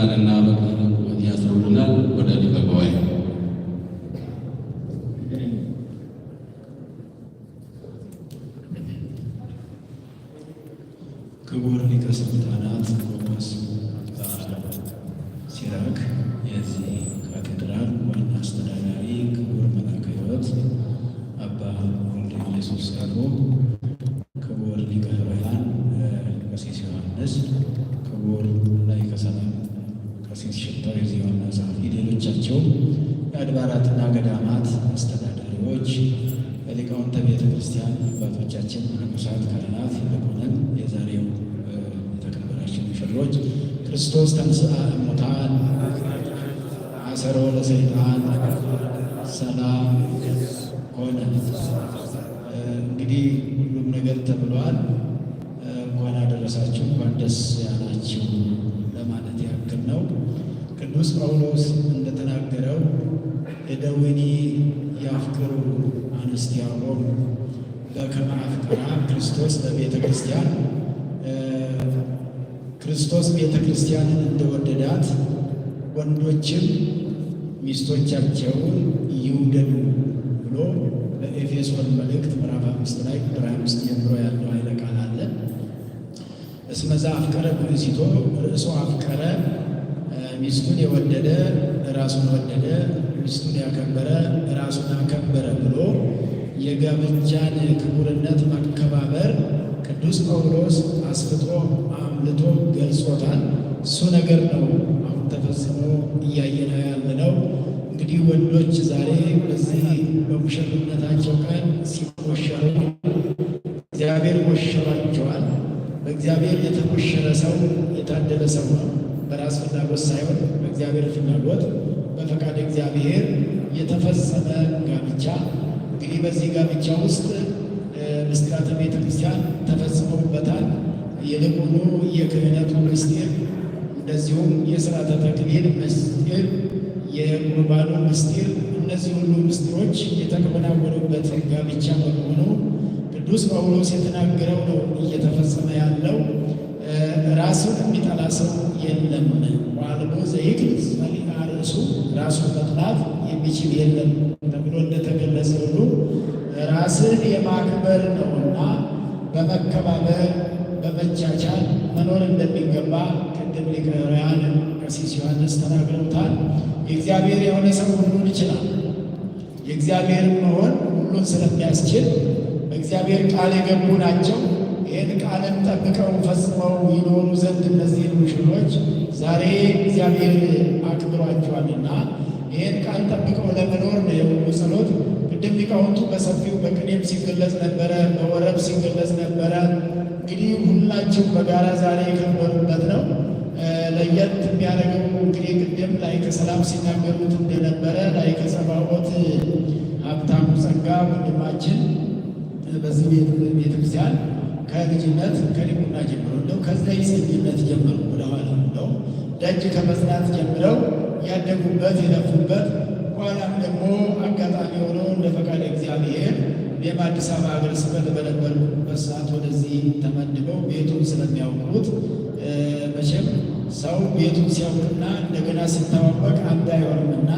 ጎዳንና ያስሩናል ወደ ሊቀ ጉባኤ ክቡር ሊቀ ስልጣናት ቆሞስ ሲራክ የዚህ ካቴድራል ዋና አስተዳዳሪ ክቡር መልአከ ሕይወት አባ ወልደ ኢየሱስ ያዕቆብ ናቸው። የአድባራትና ገዳማት አስተዳዳሪዎች፣ ሊቃውንተ ቤተ ክርስቲያን አባቶቻችን፣ ንጉሳት፣ ካህናት፣ ልቁንን የዛሬው የተከበራችሁ ሙሽሮች ክርስቶስ ተንሥአ እሙታን አሰሮ ለሰይጣን ሰላም ሆነ። እንግዲህ ሁሉም ነገር ተብሏል። እንኳን አደረሳችሁ፣ እንኳን ደስ ያላችሁ ለማለት ያክል ነው። ቅዱስ ጳውሎስ እንደተናገረው እደዊኒ ያፍቅሩ አንስቲያቆሙ በከመ አፍቀራ ክርስቶስ በቤተ ክርስቲያን ክርስቶስ ቤተ ክርስቲያንን እንደወደዳት ወንዶችም ሚስቶቻቸውን ይውደዱ ብሎ በኤፌሶን መልእክት ምዕራፍ አምስት ላይ ቁጥር አምስት ጀምሮ ያለው ኃይለ ቃል አለ። እስመዛ አፍቀረ ብእሲቶ ርእሶ አፍቀረ ሚስቱን የወደደ ራሱን ወደደ፣ ሚስቱን ያከበረ ራሱን አከበረ ብሎ የጋብቻን ክቡርነት መከባበር ቅዱስ ጳውሎስ አስፍጦ አምልቶ ገልጾታል። እሱ ነገር ነው አሁን ተፈጽሞ እያየነ ያለነው። እንግዲህ ወንዶች ዛሬ በዚህ በሙሽርነታቸው ቀን ሲቆሸሩ እግዚአብሔር ሞሽሯቸዋል። በእግዚአብሔር የተቆሸረ ሰው የታደለ ሰው ነው። በራስ ፍላጎት ሳይሆን በእግዚአብሔር ፍላጎት በፈቃድ እግዚአብሔር የተፈጸመ ጋብቻ እንግዲህ በዚህ ጋብቻ ውስጥ ምስጢራተ ቤተ ክርስቲያን ተፈጽሞበታል። የልሙኑ የክህነቱ ምስጢር እንደዚሁም የሥርዓተ ተክሊል ምስጢር፣ የቁርባኑ ምስጢር እነዚህ ሁሉ ምስጢሮች የተከናወኑበት ጋብቻ በመሆኑ ቅዱስ ጳውሎስ የተናገረው ነው እየተፈጸመ ያለው ራስን የሚጠላ ሰው የለም ዋልሞ ዘይክል ርዕሱ ራሱን መጥላት የሚችል የለም ተብሎ እንደተገለጸ ሁሉ ራስን የማክበር ነውና በመከባበር በመቻቻል መኖር እንደሚገባ ቅድም ሊቀራውያን ቀሲስ ዮሐንስ ተናግረውታል። የእግዚአብሔር የሆነ ሰው ሁሉን ይችላል። የእግዚአብሔር መሆን ሁሉን ስለሚያስችል በእግዚአብሔር ቃል የገቡ ናቸው። ይህን ቃልን ጠብቀው ፈጽመው ይኖሩ ዘንድ እነዚህን ሙሽሮች ዛሬ እግዚአብሔር አክብሯቸዋልና ይህን ቃል ጠብቀው ለመኖር ነው የሁሉ ጸሎት። ቅድም ሊቃውንቱ በሰፊው በቅኔም ሲገለጽ ነበረ፣ በወረብ ሲገለጽ ነበረ። እንግዲህ ሁላችሁ በጋራ ዛሬ የከበሩበት ነው። ለየት የሚያደርገው እንግዲህ ቅድም ላይ ከሰላም ሲናገሩት እንደነበረ ላይ ከጸባዖት ሀብታሙ ጸጋ ወንድማችን በዚህ ቤተክርስቲያን ከልጅነት ከዲቁና ጀምሮ እንደው ከዚያ ይሰኝነት ጀምሮ ማለት ነው። ደጅ ከመጽናት ጀምረው ያደጉበት የለፉበት በኋላም ደግሞ አጋጣሚ ሆኖ እንደ ፈቃድ እግዚአብሔር እኔም አዲስ አበባ ሀገረ ስብከት በነበርኩበት ሰዓት ወደዚህ ተመድበው ቤቱን ስለሚያውቁት መቼም ሰው ቤቱን ሲያውቅና እንደገና ሲተዋወቅ አንድ እና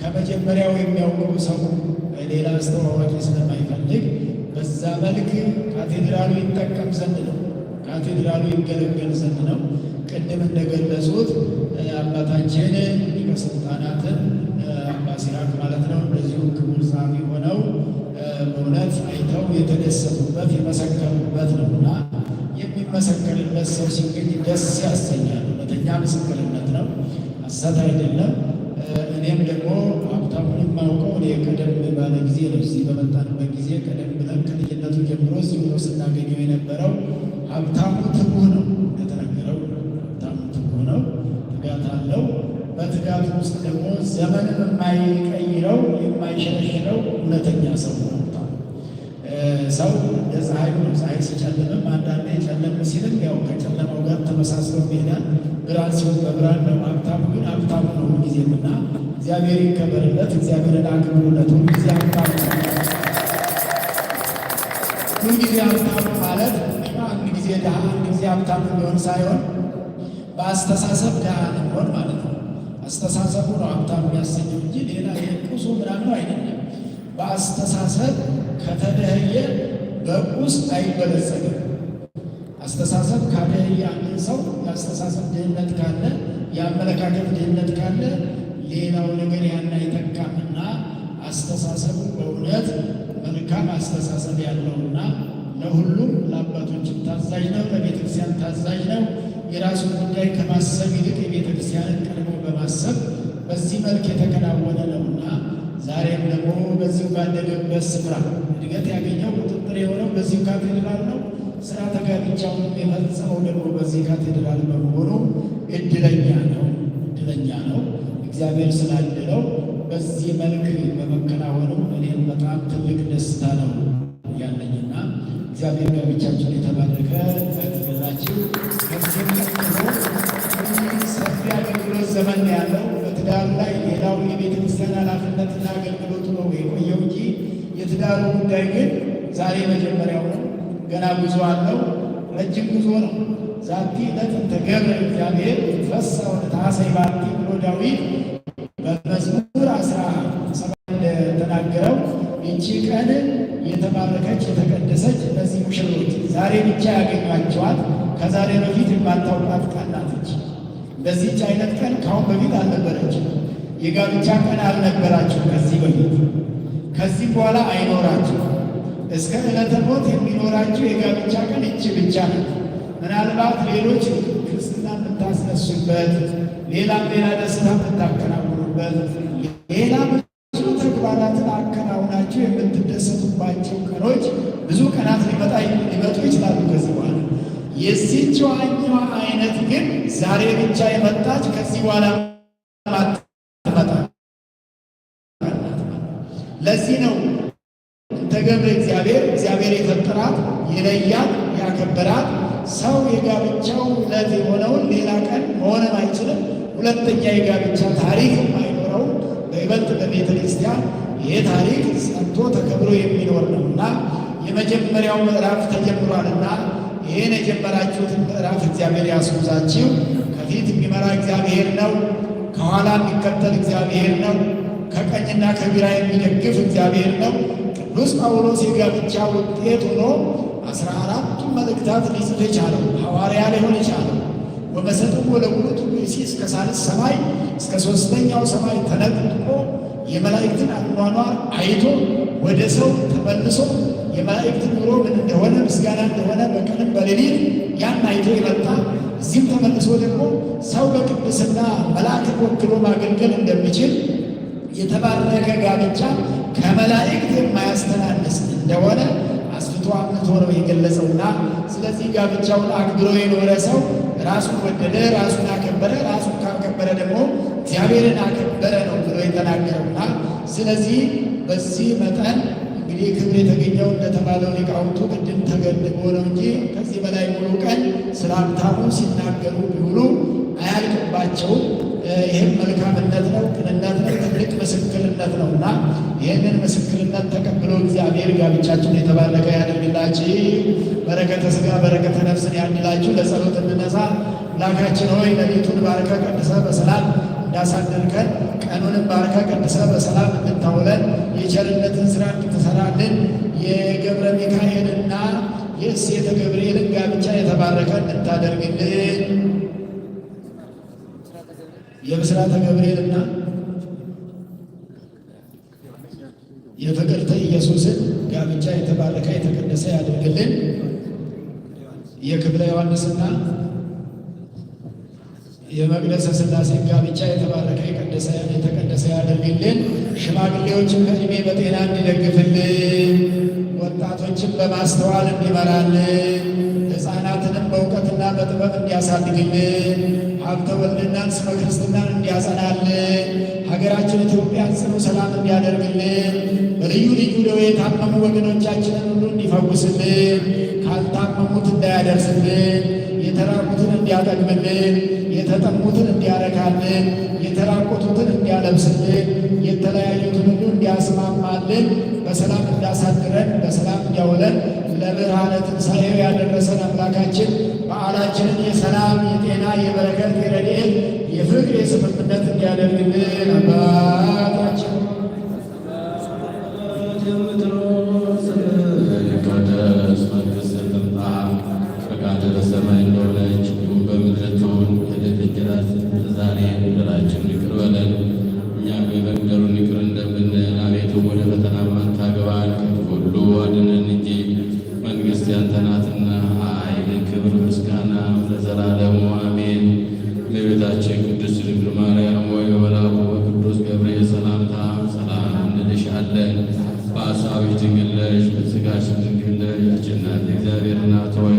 ከመጀመሪያው የሚያውቁ ሰው ሌላ አስተዋዋቂ ስለማይፈልግ በዛ መልክ ካቴድራሉ ይጠቀም ዘንድ ነው። ካቴድራሉ ይገለገል ዘንድ ነው። ቅድም እንደገለጹት አባታችን ሊቀስልጣናትን አባ ሲራክ ማለት ነው እንደዚሁ ክቡር ጸሐፊ ሆነው በእውነት አይተው የተደሰቱበት የመሰከሩበት ነው እና የሚመሰከርለት ሰው ሲገኝ ደስ ያሰኛል። እውነተኛ ምስክርነት ነው፣ ሐሰት አይደለም። እኔም ደግሞ ሀብታሙን የማውቀው እኔ ቀደም ባለ ጊዜ ነው እዚህ በመጣንበት ጊዜ ቀደም ብለን ከልጅነቱ ጀምሮ እዚሁ ስናገኘው የነበረው ሀብታሙ ትጉህ ነው እንደተነገረው በትጋት ውስጥ ደግሞ ዘመንም የማይቀይረው የማይሸረሽረው እውነተኛ ሰው መጣ። ሰው እንደ ፀሐይ ነው። ፀሐይ ሲጨልምም አንዳንድ የጨለም ሲልም ያው ከጨለመው ጋር ተመሳስሎ ይሄዳል። ብርሃን ሲሆን በብርሃን ነው። ሀብታሙ ግን ሀብታሙ ነው ሁልጊዜም እና እግዚአብሔር ይከበርለት። እግዚአብሔርን አክብሩለት። ሁልጊዜ ሀብታሙ ሁልጊዜ ሀብታሙ ማለት አንድ ጊዜ ድሃ አንድ ጊዜ ሀብታም ሊሆን ሳይሆን በአስተሳሰብ ድሃ ሊሆን አስተሳሰቡ ነው ሀብታም የሚያሰኘው እንጂ ሌላ የቁሱ ምናምን አይደለም። በአስተሳሰብ ከተደህየ በቁስ አይበለጸግም። አስተሳሰብ ካደህየ አንድን ሰው የአስተሳሰብ ድህነት ካለ፣ የአመለካከት ድህነት ካለ ሌላው ነገር ያን አይተካምና አስተሳሰቡ በእውነት መልካም አስተሳሰብ ያለውና ለሁሉም ለአባቶችን ታዛዥ ነው፣ ለቤተክርስቲያን ታዛዥ ነው። የራሱን ጉዳይ ከማሰብ ይልቅ የቤተ ክርስቲያንን ቀድሞ በማሰብ በዚህ መልክ የተከናወነ ነውና ዛሬም ደግሞ በዚሁ ባደገበት ስፍራ እድገት ያገኘው ቁጥጥር የሆነው በዚሁ ካቴድራል ነው። ስራ ተጋብቻውን የፈጸመው ደግሞ በዚህ ካቴድራል በመሆኑ እድለኛ ነው እድለኛ ነው። እግዚአብሔር ስላድለው በዚህ መልክ በመከናወኑ እኔም በጣም ትልቅ ደስታ ነው። እግዚአብሔር ጋብቻቸውን የተባረከ ገዛችን ሰፊ አገልግሎት ዘመን ያለው በትዳር ላይ ሌላው የቤተክርስቲያን ኃላፊነትና አገልግሎቱ ነው የቆየው እንጂ የትዳሩ ጉዳይ ግን ዛሬ መጀመሪያው ነው። ገና ጉዞ አለው፣ ረጅም ጉዞ ነው። ዛቲ ዕለት እንተ ገብረ እግዚአብሔር ይትፈሰው ታሰይ ባቲ ብሎ ዳዊት ብቻ ያገኟቸዋት ከዛሬ በፊት የማታውቋት ቀን በዚች አይነት ቀን ካሁን በፊት አልነበረችም። የጋብቻ ቀን አልነበራችሁ ከዚህ በፊት ከዚህ በኋላ አይኖራችሁ። እስከ ዕለተ ሞት የሚኖራችሁ የጋብቻ ቀን እች ብቻ ነው። ምናልባት ሌሎች ክርስትና የምታስነሱበት፣ ሌላም ሌላ ደስታ የምታከናውኑበት ሌላ ሊመጣ ሊመጡ ይችላሉ ከዚህ በኋላ የዚችዋኛዋ አይነት ግን ዛሬ ብቻ የመጣች ከዚህ በኋላ ማትመጣ ለዚህ ነው ተገብረ እግዚአብሔር እግዚአብሔር የፈጠራት የለያት ያከበራት ሰው የጋብቻው ዕለት የሆነውን ሌላ ቀን መሆንም አይችልም። ሁለተኛ የጋብቻ ታሪክ አይኖረውም። በይበልጥ በቤተ ክርስቲያን ይህ ታሪክ ጸንቶ ተከብሮ የሚኖር ነውና የመጀመሪያው ምዕራፍ ተጀምሯልና ይህን የጀመራችሁት ምዕራፍ እግዚአብሔር ያስጉዛችሁ። ከፊት የሚመራ እግዚአብሔር ነው። ከኋላ የሚከተል እግዚአብሔር ነው። ከቀኝና ከግራ የሚደግፍ እግዚአብሔር ነው። ቅዱስ ጳውሎስ የጋብቻ ውጤት ሆኖ አስራ አራቱ መልእክታት ሊጽፍ የቻለው ሐዋርያ ሊሆን የቻለው ወመሰጥዎ ለውእቱ ብእሲ እስከ ሳልስ ሰማይ እስከ ሶስተኛው ሰማይ ተነጥቆ የመላእክትን አኗኗር አይቶ ወደ ሰው ተመልሶ የማዕርት ኑሮ ምን እንደሆነ ምስጋና እንደሆነ በቀንም በሌሊት ያን አይቶ የመጣ እዚህም ተመልሶ ደግሞ ሰው በቅድስና መላእክት ወክሎ ማገልገል እንደሚችል የተባረከ ጋብቻ ከመላእክት የማያስተናንስ እንደሆነ አስፍቶ አምልቶ ነው የገለጸውና ስለዚህ ጋብቻውን አክብሮ የኖረ ሰው ራሱን ወደደ፣ ራሱን አከበረ። ራሱን ካከበረ ደግሞ እግዚአብሔርን አከበረ ነው ብሎ የተናገረውና ስለዚህ በዚህ መጠን እንግዲህ ክብር የተገኘው እንደተባለው ሊቃውንቱ ቅድም ተገድቦ ነው እንጂ ከዚህ በላይ ሙሉ ቀን ስላምታሙ ሲናገሩ ቢሆኑ አያልቅባቸውም። ይህም መልካምነት ነው፣ ቅንነት ነው፣ ትልቅ ምስክርነት ነው እና ይህንን ምስክርነት ተቀብሎ እግዚአብሔር ጋብቻችሁን የተባረከ ያደርግላችሁ፣ በረከተ ስጋ በረከተ ነፍስን ያድላችሁ። ለጸሎት እንነሳ። አምላካችን ሆይ ለቤቱን ባርከ ቀድሰ በሰላም እንዳሳደርከን ቀኑንም ባርካ ቀድሰ በሰላም እንድታውለን የቸርነትን ስራ እንድትሰራልን የገብረ ሚካኤልና የእሴተ ገብርኤልን ጋብቻ የተባረከ እንድታደርግልን የብስራተ ገብርኤልና የፍቅርተ ኢየሱስን ጋብቻ የተባረከ የተቀደሰ ያደርግልን የክብለ ዮሐንስና የመቅደሰ ስላሴ ጋብቻ የተባረከ የቀደሰ የተቀደሰ ያደርግልን። ሽማግሌዎችን ከእድሜ በጤና እንዲደግፍልን፣ ወጣቶችን በማስተዋል እንዲመራልን፣ ሕፃናትንም በእውቀትና በጥበብ እንዲያሳድግልን፣ ሀብተ ወልድናን ስመ ክርስትናን እንዲያጸናልን፣ ሀገራችን ኢትዮጵያን ጽኑ ሰላም እንዲያደርግልን፣ በልዩ ልዩ ደዌ የታመሙ ወገኖቻችንን ሁሉ እንዲፈውስልን፣ ካልታመሙት እንዳያደርስልን እንዲያጠግብልን፣ የተጠሙትን እንዲያረካልን፣ የተራቆቱትን እንዲያለብስልን፣ የተለያዩትን ሁሉ እንዲያስማማልን፣ በሰላም እንዳሳድረን፣ በሰላም እንዲያውለን፣ ለብርሃነ ትንሣኤው ያደረሰን አምላካችን በዓላችንን የሰላም የጤና የበረከት የረድኤት የፍቅር የስምምነት እንዲያደርግልን አባ ናትና ኃይል ክብር ምስጋና ለዘላለሙ አሜን። እመቤታችን ቅዱስ ድንግል ማርያም ወይ በመልአኩ በቅዱስ ገብርኤል ሰላምታ ሰላም እንልሻለን። በሐሳብሽ ድንግል ነሽ፣ በሥጋሽ ድንግል ነሽ። አስጨናቂ እግዚአብሔር እናት ሆይ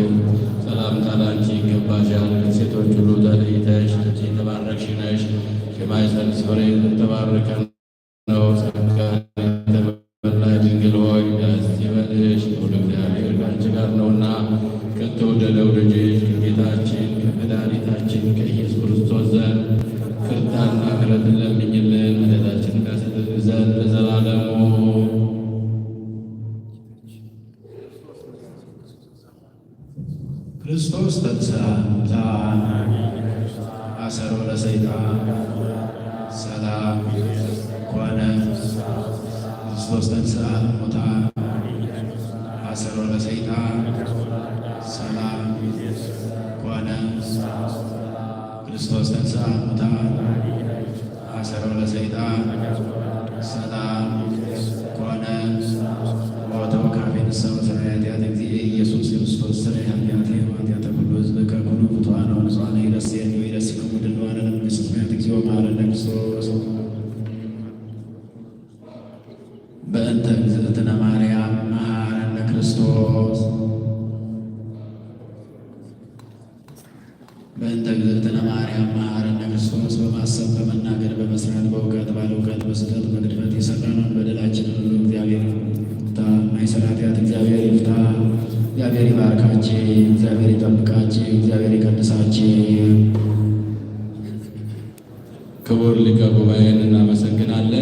ሰላምታ ላንቺ ይገባሻል። ከሴቶች ሁሉ ተለይተሽ አንቺ የተባረክሽ ነሽ። የማኅፀንሽ ፍሬ የተባረከ ነው። ክርስቶስ ተንሥአ እምኩሉ አሰሮ ለሰይጣን ሰላም ኮነ። ክርስቶስ ተንሥአ እሙታን አሰሮ ለሰይጣን ሰላም ኮነ። ክርስቶስ ተንሥአ እሙታን አሰሮ ለሰይጣን በእንተ እግዝእትነ ማርያም መሐረነ ክርስቶስ በማሰብ በመናገር በመስራት በእውቀት ባለእውቀት በስጠት በግድፈት የሰራነውን በደላችንን ሁሉ እግዚአብሔር ይፍታ። ማይሰራትያት ኃጢአት እግዚአብሔር ይፍታ። እግዚአብሔር ይባርካችሁ፣ እግዚአብሔር ይጠብቃችሁ፣ እግዚአብሔር ይቀድሳችሁ። ክቡር ሊቀ ጉባኤን እናመሰግናለን።